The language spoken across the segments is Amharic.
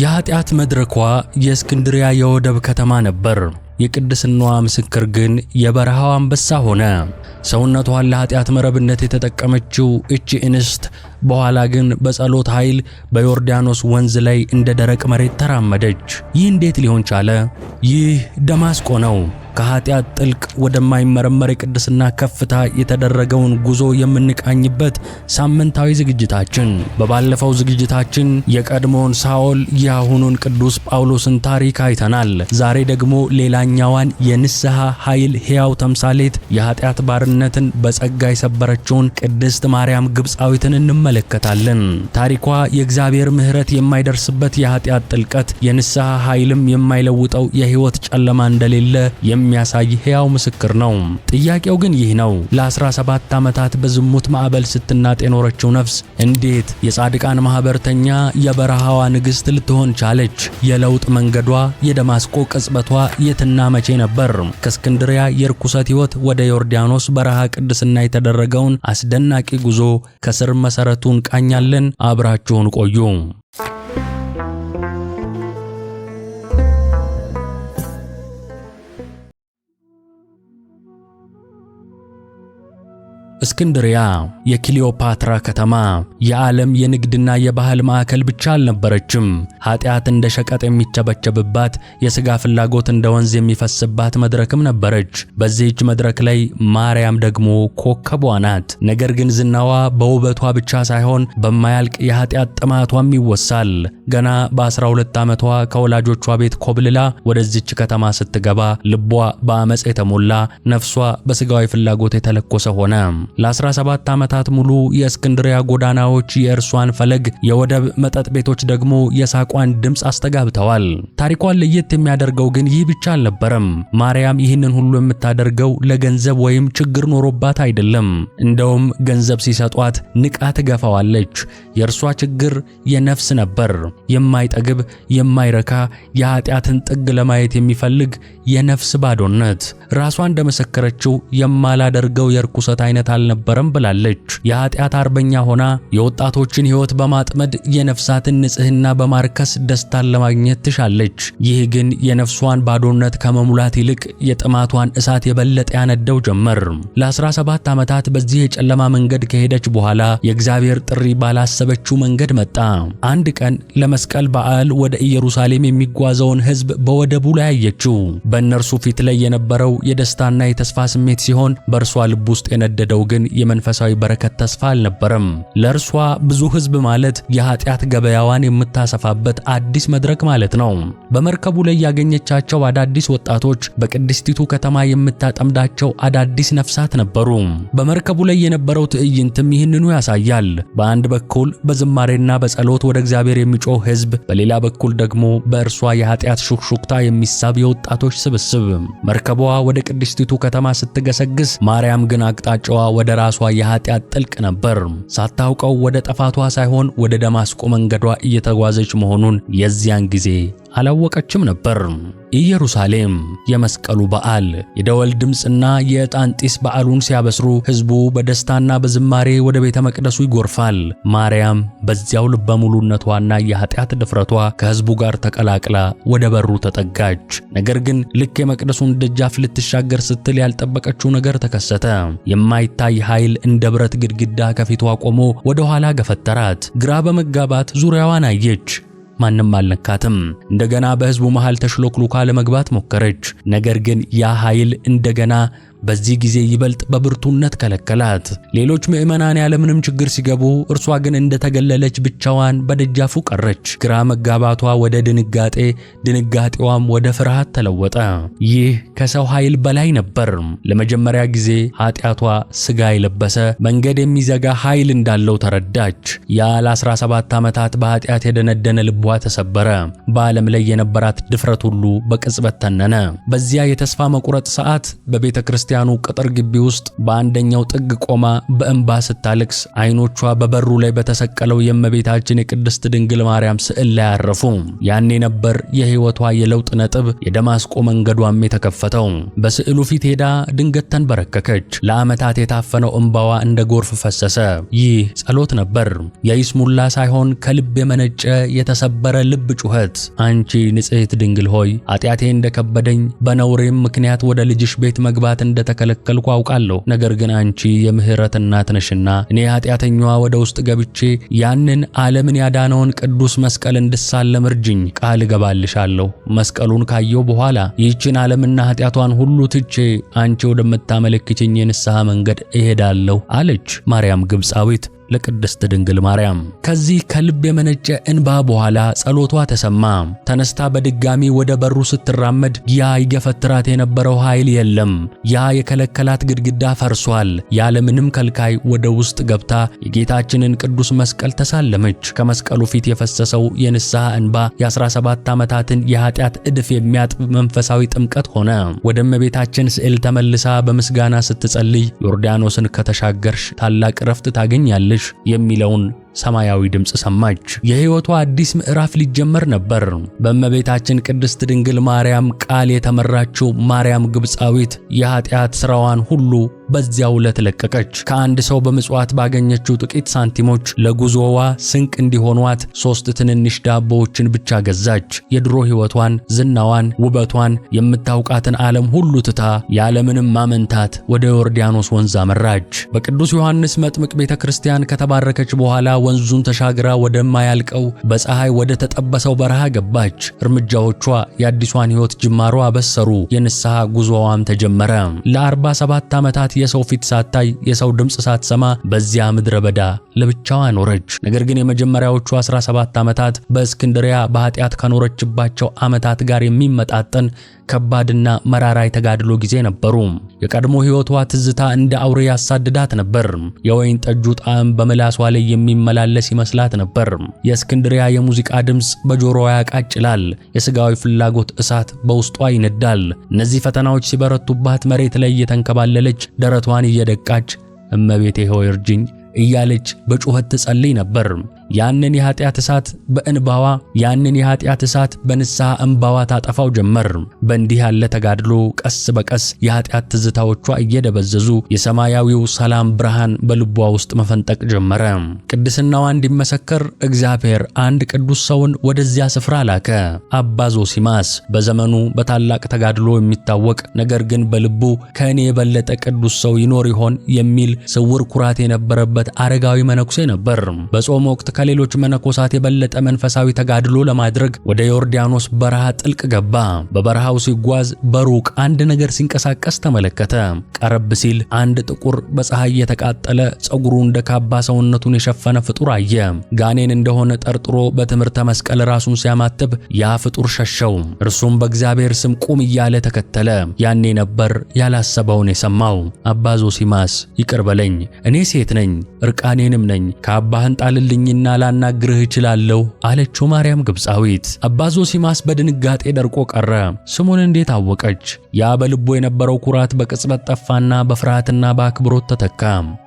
የኃጢአት መድረኳ የእስክንድሪያ የወደብ ከተማ ነበር። የቅድስናዋ ምስክር ግን የበረሃው አንበሳ ሆነ። ሰውነቷን ለኃጢአት መረብነት የተጠቀመችው እቺ እንስት በኋላ ግን በጸሎት ኃይል በዮርዳኖስ ወንዝ ላይ እንደ ደረቅ መሬት ተራመደች። ይህ እንዴት ሊሆን ቻለ? ይህ ደማስቆ ነው። ከኃጢአት ጥልቅ ወደማይመረመር የቅድስና ከፍታ የተደረገውን ጉዞ የምንቃኝበት ሳምንታዊ ዝግጅታችን። በባለፈው ዝግጅታችን የቀድሞውን ሳኦል የአሁኑን ቅዱስ ጳውሎስን ታሪክ አይተናል። ዛሬ ደግሞ ሌላኛዋን የንስሐ ኃይል ሕያው ተምሳሌት የኃጢአት ባርነትን በጸጋ የሰበረችውን ቅድስት ማርያም ግብፃዊትን እንመለከታለን። ታሪኳ የእግዚአብሔር ምሕረት የማይደርስበት የኃጢአት ጥልቀት፣ የንስሐ ኃይልም የማይለውጠው የሕይወት ጨለማ እንደሌለ የሚያሳይ ሕያው ምስክር ነው። ጥያቄው ግን ይህ ነው፤ ለ17 ዓመታት በዝሙት ማዕበል ስትናጥ የኖረችው ነፍስ እንዴት የጻድቃን ማኅበርተኛ የበረሃዋ ንግሥት ልትሆን ቻለች? የለውጥ መንገዷ፣ የደማስቆ ቅጽበቷ የትና መቼ ነበር? ከእስክንድሪያ የርኩሰት ሕይወት ወደ ዮርዳኖስ በረሃ ቅድስና የተደረገውን አስደናቂ ጉዞ ከስር መሠረቱ ቃኛለን። አብራችሁን ቆዩ። እስክንድሪያ የክሊዮፓትራ ከተማ የዓለም የንግድና የባህል ማዕከል ብቻ አልነበረችም። ኃጢአት እንደ ሸቀጥ የሚቸበቸብባት፣ የሥጋ ፍላጎት እንደ ወንዝ የሚፈስባት መድረክም ነበረች። በዚህች መድረክ ላይ ማርያም ደግሞ ኮከቧ ናት። ነገር ግን ዝናዋ በውበቷ ብቻ ሳይሆን በማያልቅ የኃጢአት ጥማቷም ይወሳል። ገና በ12 ዓመቷ ከወላጆቿ ቤት ኮብልላ ወደዚች ከተማ ስትገባ ልቧ በአመፅ የተሞላ ነፍሷ በሥጋዊ ፍላጎት የተለኮሰ ሆነ። ለ17 ዓመታት ሙሉ የእስክንድሪያ ጎዳናዎች የእርሷን ፈለግ፣ የወደብ መጠጥ ቤቶች ደግሞ የሳቋን ድምፅ አስተጋብተዋል። ታሪኳን ለየት የሚያደርገው ግን ይህ ብቻ አልነበረም። ማርያም ይህንን ሁሉ የምታደርገው ለገንዘብ ወይም ችግር ኖሮባት አይደለም። እንደውም ገንዘብ ሲሰጧት ንቃ ትገፋዋለች። የእርሷ ችግር የነፍስ ነበር። የማይጠግብ የማይረካ የኃጢአትን ጥግ ለማየት የሚፈልግ የነፍስ ባዶነት። ራሷ እንደመሰከረችው የማላደርገው የርኩሰት አይነት አልነበረም ብላለች። የኃጢአት አርበኛ ሆና የወጣቶችን ሕይወት በማጥመድ የነፍሳትን ንጽህና በማርከስ ደስታን ለማግኘት ትሻለች። ይህ ግን የነፍሷን ባዶነት ከመሙላት ይልቅ የጥማቷን እሳት የበለጠ ያነደው ጀመር። ለ17 ዓመታት በዚህ የጨለማ መንገድ ከሄደች በኋላ የእግዚአብሔር ጥሪ ባላሰበችው መንገድ መጣ። አንድ ቀን ለመስቀል በዓል ወደ ኢየሩሳሌም የሚጓዘውን ሕዝብ በወደቡ ላይ አየችው። በእነርሱ ፊት ላይ የነበረው የደስታና የተስፋ ስሜት ሲሆን በእርሷ ልብ ውስጥ የነደደው ግን የመንፈሳዊ በረከት ተስፋ አልነበረም። ለእርሷ ብዙ ሕዝብ ማለት የኃጢአት ገበያዋን የምታሰፋበት አዲስ መድረክ ማለት ነው። በመርከቡ ላይ ያገኘቻቸው አዳዲስ ወጣቶች፣ በቅድስቲቱ ከተማ የምታጠምዳቸው አዳዲስ ነፍሳት ነበሩ። በመርከቡ ላይ የነበረው ትዕይንትም ይህንኑ ያሳያል። በአንድ በኩል በዝማሬና በጸሎት ወደ እግዚአብሔር የሚጮህ ሕዝብ፣ በሌላ በኩል ደግሞ በእርሷ የኃጢአት ሹክሹክታ የሚሳብ የወጣቶች ስብስብ። መርከቧ ወደ ቅድስቲቱ ከተማ ስትገሰግስ፣ ማርያም ግን አቅጣጫዋ ወደ ራሷ የኃጢአት ጥልቅ ነበር። ሳታውቀው ወደ ጥፋቷ ሳይሆን ወደ ደማስቆ መንገዷ እየተጓዘች መሆኑን የዚያን ጊዜ አላወቀችም ነበር። ኢየሩሳሌም የመስቀሉ በዓል የደወል ድምፅና የዕጣን ጢስ በዓሉን ሲያበስሩ ሕዝቡ በደስታና በዝማሬ ወደ ቤተ መቅደሱ ይጎርፋል። ማርያም በዚያው ልበ ሙሉነቷና የኃጢአት ድፍረቷ ከሕዝቡ ጋር ተቀላቅላ ወደ በሩ ተጠጋች። ነገር ግን ልክ የመቅደሱን ደጃፍ ልትሻገር ስትል ያልጠበቀችው ነገር ተከሰተ። የማይታይ ኃይል እንደ ብረት ግድግዳ ከፊቷ ቆሞ ወደ ኋላ ገፈተራት። ግራ በመጋባት ዙሪያዋን አየች። ማንም አልነካትም። እንደገና በህዝቡ መሃል ተሽሎክሉካ ለመግባት ሞከረች። ነገር ግን ያ ኃይል እንደገና በዚህ ጊዜ ይበልጥ በብርቱነት ከለከላት። ሌሎች ምዕመናን ያለምንም ችግር ሲገቡ፣ እርሷ ግን እንደተገለለች ብቻዋን በደጃፉ ቀረች። ግራ መጋባቷ ወደ ድንጋጤ፣ ድንጋጤዋም ወደ ፍርሃት ተለወጠ። ይህ ከሰው ኃይል በላይ ነበር። ለመጀመሪያ ጊዜ ኃጢአቷ ሥጋ የለበሰ መንገድ የሚዘጋ ኃይል እንዳለው ተረዳች። ያ ለ17 ዓመታት በኃጢአት የደነደነ ልቧ ተሰበረ። በዓለም ላይ የነበራት ድፍረት ሁሉ በቅጽበት ተነነ። በዚያ የተስፋ መቁረጥ ሰዓት በቤተ ክርስቲያን ክርስቲያኑ ቅጥር ግቢ ውስጥ በአንደኛው ጥግ ቆማ በእንባ ስታለቅስ ዓይኖቿ በበሩ ላይ በተሰቀለው የእመቤታችን የቅድስት ድንግል ማርያም ስዕል ላይ አረፉ። ያኔ ነበር የሕይወቷ የለውጥ ነጥብ፣ የደማስቆ መንገዷም የተከፈተው። በስዕሉ ፊት ሄዳ ድንገት ተንበረከከች። ለዓመታት የታፈነው እንባዋ እንደ ጎርፍ ፈሰሰ። ይህ ጸሎት ነበር፣ የይስሙላ ሳይሆን ከልብ የመነጨ የተሰበረ ልብ ጩኸት። አንቺ ንጽሕት ድንግል ሆይ ኃጢአቴ እንደከበደኝ በነውሬም ምክንያት ወደ ልጅሽ ቤት መግባት እንደ እንደተከለከልኩ አውቃለሁ። ነገር ግን አንቺ የምህረት እናት ነሽና እኔ ኃጢአተኛዋ ወደ ውስጥ ገብቼ ያንን ዓለምን ያዳነውን ቅዱስ መስቀል እንድሳለም እርጅኝ። ቃል እገባልሻለሁ መስቀሉን ካየው በኋላ ይህችን ዓለምና ኃጢአቷን ሁሉ ትቼ አንቺ ወደምታመለክችኝ የንስሐ መንገድ እሄዳለሁ አለች። ማርያም ግብፃዊት ለቅድስት ድንግል ማርያም። ከዚህ ከልብ የመነጨ እንባ በኋላ ጸሎቷ ተሰማ። ተነስታ በድጋሚ ወደ በሩ ስትራመድ ያ ይገፈትራት የነበረው ኃይል የለም። ያ የከለከላት ግድግዳ ፈርሷል። ያለምንም ከልካይ ወደ ውስጥ ገብታ የጌታችንን ቅዱስ መስቀል ተሳለመች። ከመስቀሉ ፊት የፈሰሰው የንስሐ እንባ የ17 ዓመታትን የኃጢአት እድፍ የሚያጥብ መንፈሳዊ ጥምቀት ሆነ። ወደ እመቤታችን ስዕል ተመልሳ በምስጋና ስትጸልይ ዮርዳኖስን ከተሻገርሽ ታላቅ ረፍት ታገኛለሽ የሚለውን ሰማያዊ ድምፅ ሰማች። የሕይወቷ አዲስ ምዕራፍ ሊጀመር ነበር። በእመቤታችን ቅድስት ድንግል ማርያም ቃል የተመራችው ማርያም ግብፃዊት የኃጢአት ሥራዋን ሁሉ በዚያው ዕለት ለቀቀች። ከአንድ ሰው በምጽዋት ባገኘችው ጥቂት ሳንቲሞች ለጉዞዋ ስንቅ እንዲሆኗት ሦስት ትንንሽ ዳቦዎችን ብቻ ገዛች። የድሮ ሕይወቷን፣ ዝናዋን፣ ውበቷን፣ የምታውቃትን ዓለም ሁሉ ትታ ያለምንም ማመንታት ወደ ዮርዳኖስ ወንዝ አመራች። በቅዱስ ዮሐንስ መጥምቅ ቤተ ክርስቲያን ከተባረከች በኋላ ወንዙን ተሻግራ ወደማያልቀው በፀሐይ ወደ ተጠበሰው በረሃ ገባች። እርምጃዎቿ የአዲሷን ሕይወት ጅማሮ አበሰሩ። የንስሐ ጉዞዋም ተጀመረ። ለ47 ዓመታት የሰው ፊት ሳታይ፣ የሰው ድምፅ ሳትሰማ በዚያ ምድረ በዳ ለብቻዋ ኖረች። ነገር ግን የመጀመሪያዎቹ 17 ዓመታት በእስክንድሪያ በኃጢአት ከኖረችባቸው ዓመታት ጋር የሚመጣጠን ከባድና መራራ የተጋድሎ ጊዜ ነበሩ። የቀድሞ ሕይወቷ ትዝታ እንደ አውሬ ያሳድዳት ነበር። የወይን ጠጁ ጣዕም በምላሷ ላይ የሚመላለስ ይመስላት ነበር። የእስክንድሪያ የሙዚቃ ድምፅ በጆሮዋ ያቃጭላል። የሥጋዊ ፍላጎት እሳት በውስጧ ይነዳል። እነዚህ ፈተናዎች ሲበረቱባት መሬት ላይ እየተንከባለለች ደረቷን እየደቃች እመቤቴ ሆይ እርጅኝ እያለች በጩኸት ትጸልይ ነበር። ያንን የኃጢአት እሳት በእንባዋ ያንን የኃጢአት እሳት በንስሐ እንባዋ ታጠፋው ጀመር። በእንዲህ ያለ ተጋድሎ ቀስ በቀስ የኃጢአት ትዝታዎቿ እየደበዘዙ የሰማያዊው ሰላም ብርሃን በልቧ ውስጥ መፈንጠቅ ጀመረ። ቅድስናዋ እንዲመሰከር እግዚአብሔር አንድ ቅዱስ ሰውን ወደዚያ ስፍራ ላከ። አባ ዞሲማስ በዘመኑ በታላቅ ተጋድሎ የሚታወቅ ነገር ግን በልቡ ከእኔ የበለጠ ቅዱስ ሰው ይኖር ይሆን የሚል ስውር ኩራት የነበረበት የሚኖሩበት አረጋዊ መነኩሴ ነበር። በጾም ወቅት ከሌሎች መነኮሳት የበለጠ መንፈሳዊ ተጋድሎ ለማድረግ ወደ ዮርዳኖስ በረሃ ጥልቅ ገባ። በበረሃው ሲጓዝ በሩቅ አንድ ነገር ሲንቀሳቀስ ተመለከተ። ቀረብ ሲል አንድ ጥቁር በፀሐይ የተቃጠለ ፀጉሩ እንደ ካባ ሰውነቱን የሸፈነ ፍጡር አየ። ጋኔን እንደሆነ ጠርጥሮ በትምህርተ መስቀል ራሱን ሲያማትብ ያ ፍጡር ሸሸው። እርሱም በእግዚአብሔር ስም ቁም እያለ ተከተለ። ያኔ ነበር ያላሰበውን የሰማው። አባ ዞሲማስ ይቅር በለኝ፣ እኔ ሴት ነኝ እርቃኔንም ነኝ፣ ከአባህን ጣልልኝና ላናግርህ እችላለሁ አለችው ማርያም ግብፃዊት። አባ ዞሲማስ በድንጋጤ ደርቆ ቀረ። ስሙን እንዴት አወቀች? ያ በልቦ የነበረው ኩራት በቅጽበት ጠፋና በፍርሃትና በአክብሮት ተተካ።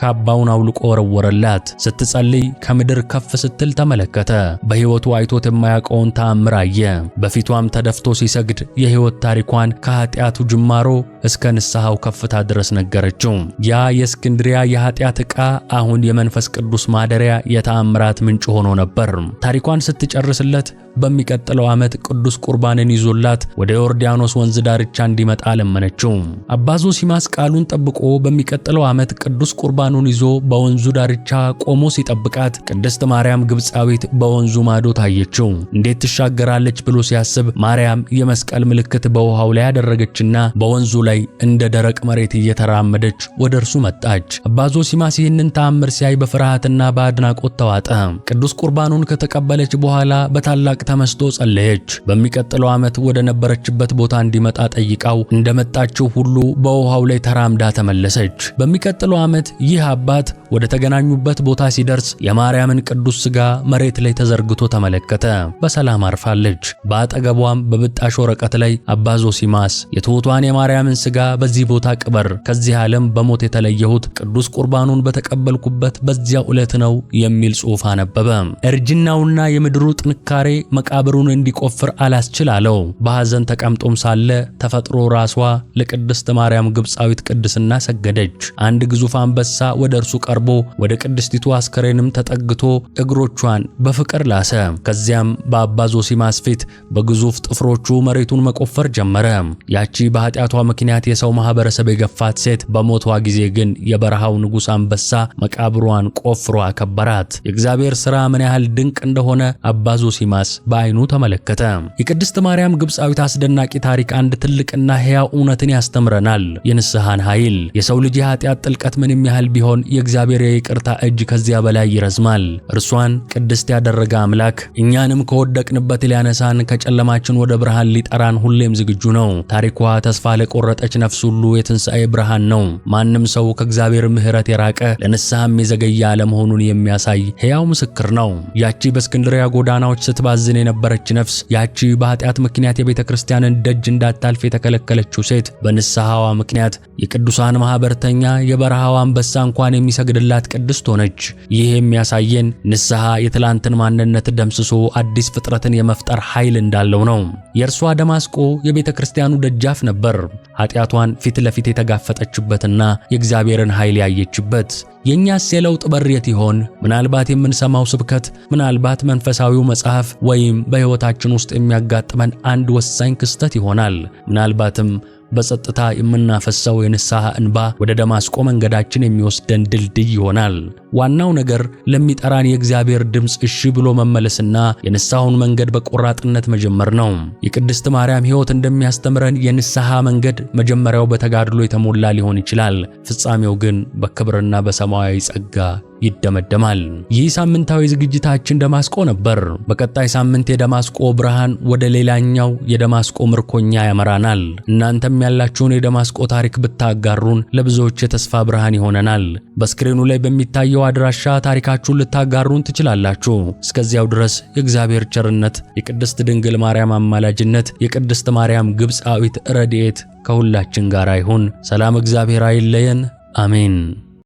ካባውን አውልቆ ወረወረላት። ስትጸልይ ከምድር ከፍ ስትል ተመለከተ። በሕይወቱ አይቶት የማያውቀውን ተአምር አየ። በፊቷም ተደፍቶ ሲሰግድ የሕይወት ታሪኳን ከኃጢአቱ ጅማሮ እስከ ንስሐው ከፍታ ድረስ ነገረችው። ያ የእስክንድሪያ የኃጢአት ዕቃ አሁን የአሁኑን የመንፈስ ቅዱስ ማደሪያ የተአምራት ምንጭ ሆኖ ነበር። ታሪኳን ስትጨርስለት በሚቀጥለው ዓመት ቅዱስ ቁርባንን ይዞላት ወደ ዮርዳኖስ ወንዝ ዳርቻ እንዲመጣ ለመነችው። አባ ዞሲማስ ቃሉን ጠብቆ በሚቀጥለው ዓመት ቅዱስ ቁርባኑን ይዞ በወንዙ ዳርቻ ቆሞ ሲጠብቃት ቅድስት ማርያም ግብፃዊት በወንዙ ማዶ ታየችው። እንዴት ትሻገራለች ብሎ ሲያስብ ማርያም የመስቀል ምልክት በውሃው ላይ ያደረገችና በወንዙ ላይ እንደ ደረቅ መሬት እየተራመደች ወደ እርሱ መጣች። አባ ዞሲማስ ይህንን ታም ተአምር ሲያይ በፍርሃትና በአድናቆት ተዋጠ። ቅዱስ ቁርባኑን ከተቀበለች በኋላ በታላቅ ተመስጦ ጸለየች። በሚቀጥለው ዓመት ወደ ነበረችበት ቦታ እንዲመጣ ጠይቃው እንደመጣችው ሁሉ በውሃው ላይ ተራምዳ ተመለሰች። በሚቀጥለው ዓመት ይህ አባት ወደ ተገናኙበት ቦታ ሲደርስ የማርያምን ቅዱስ ሥጋ መሬት ላይ ተዘርግቶ ተመለከተ። በሰላም አርፋለች። በአጠገቧም በብጣሽ ወረቀት ላይ አባ ዞሲማስ የትሑቷን የማርያምን ሥጋ በዚህ ቦታ ቅበር፣ ከዚህ ዓለም በሞት የተለየሁት ቅዱስ ቁርባኑን በተቀበልኩ የተወለድኩበት በዚያ ዕለት ነው የሚል ጽሑፍ አነበበ። እርጅናውና የምድሩ ጥንካሬ መቃብሩን እንዲቆፍር አላስችላለው። በሐዘን ተቀምጦም ሳለ ተፈጥሮ ራሷ ለቅድስት ማርያም ግብፃዊት ቅድስና ሰገደች። አንድ ግዙፍ አንበሳ ወደ እርሱ ቀርቦ ወደ ቅድስቲቱ አስከሬንም ተጠግቶ እግሮቿን በፍቅር ላሰ። ከዚያም በአባ ዞሲማስ ፊት በግዙፍ ጥፍሮቹ መሬቱን መቆፈር ጀመረ። ያቺ በኃጢአቷ ምክንያት የሰው ማህበረሰብ የገፋት ሴት በሞቷ ጊዜ ግን የበረሃው ንጉሥ አንበሳ መቃ መቃብሯን ቆፍሮ አከበራት። የእግዚአብሔር ሥራ ምን ያህል ድንቅ እንደሆነ አባ ዞሲማስ በዓይኑ ተመለከተ። የቅድስት ማርያም ግብፃዊት አስደናቂ ታሪክ አንድ ትልቅና ሕያው እውነትን ያስተምረናል፤ የንስሐን ኃይል። የሰው ልጅ የኃጢአት ጥልቀት ምንም ያህል ቢሆን የእግዚአብሔር የይቅርታ እጅ ከዚያ በላይ ይረዝማል። እርሷን ቅድስት ያደረገ አምላክ እኛንም ከወደቅንበት ሊያነሳን ከጨለማችን ወደ ብርሃን ሊጠራን ሁሌም ዝግጁ ነው። ታሪኳ ተስፋ ለቆረጠች ነፍስ ሁሉ የትንሣኤ ብርሃን ነው። ማንም ሰው ከእግዚአብሔር ምሕረት የራቀ ለንስሐ በጣም የዘገየ አለመሆኑን የሚያሳይ ሕያው ምስክር ነው። ያቺ በእስክንድሪያ ጎዳናዎች ስትባዝን የነበረች ነፍስ፣ ያቺ በኃጢአት ምክንያት የቤተ ክርስቲያንን ደጅ እንዳታልፍ የተከለከለችው ሴት በንስሐዋ ምክንያት የቅዱሳን ማኅበርተኛ የበረሃዋ አንበሳ እንኳን የሚሰግድላት ቅድስት ሆነች። ይህ የሚያሳየን ንስሐ የትላንትን ማንነት ደምስሶ አዲስ ፍጥረትን የመፍጠር ኃይል እንዳለው ነው። የእርሷ ደማስቆ የቤተ ክርስቲያኑ ደጃፍ ነበር። ኃጢአቷን ፊት ለፊት የተጋፈጠችበትና የእግዚአብሔርን ኃይል ያየችበት። የእኛስ የለውጥ በር የት ይሆን? ምናልባት የምንሰማው ስብከት፣ ምናልባት መንፈሳዊው መጽሐፍ፣ ወይም በሕይወታችን ውስጥ የሚያጋጥመን አንድ ወሳኝ ክስተት ይሆናል። ምናልባትም በጸጥታ የምናፈሰው የንስሐ እንባ ወደ ደማስቆ መንገዳችን የሚወስደን ድልድይ ይሆናል። ዋናው ነገር ለሚጠራን የእግዚአብሔር ድምፅ እሺ ብሎ መመለስና የንስሐውን መንገድ በቆራጥነት መጀመር ነው። የቅድስት ማርያም ሕይወት እንደሚያስተምረን የንስሐ መንገድ መጀመሪያው በተጋድሎ የተሞላ ሊሆን ይችላል፣ ፍጻሜው ግን በክብርና በሰማያዊ ጸጋ ይደመደማል። ይህ ሳምንታዊ ዝግጅታችን ደማስቆ ነበር። በቀጣይ ሳምንት የደማስቆ ብርሃን ወደ ሌላኛው የደማስቆ ምርኮኛ ያመራናል። እናንተም ያላችሁን የደማስቆ ታሪክ ብታጋሩን ለብዙዎች የተስፋ ብርሃን ይሆነናል። በስክሪኑ ላይ በሚታየው በዚሁ አድራሻ ታሪካችሁን ልታጋሩን ትችላላችሁ። እስከዚያው ድረስ የእግዚአብሔር ቸርነት፣ የቅድስት ድንግል ማርያም አማላጅነት፣ የቅድስት ማርያም ግብፃዊት ረድኤት ከሁላችን ጋር ይሁን። ሰላም እግዚአብሔር አይለየን። አሜን።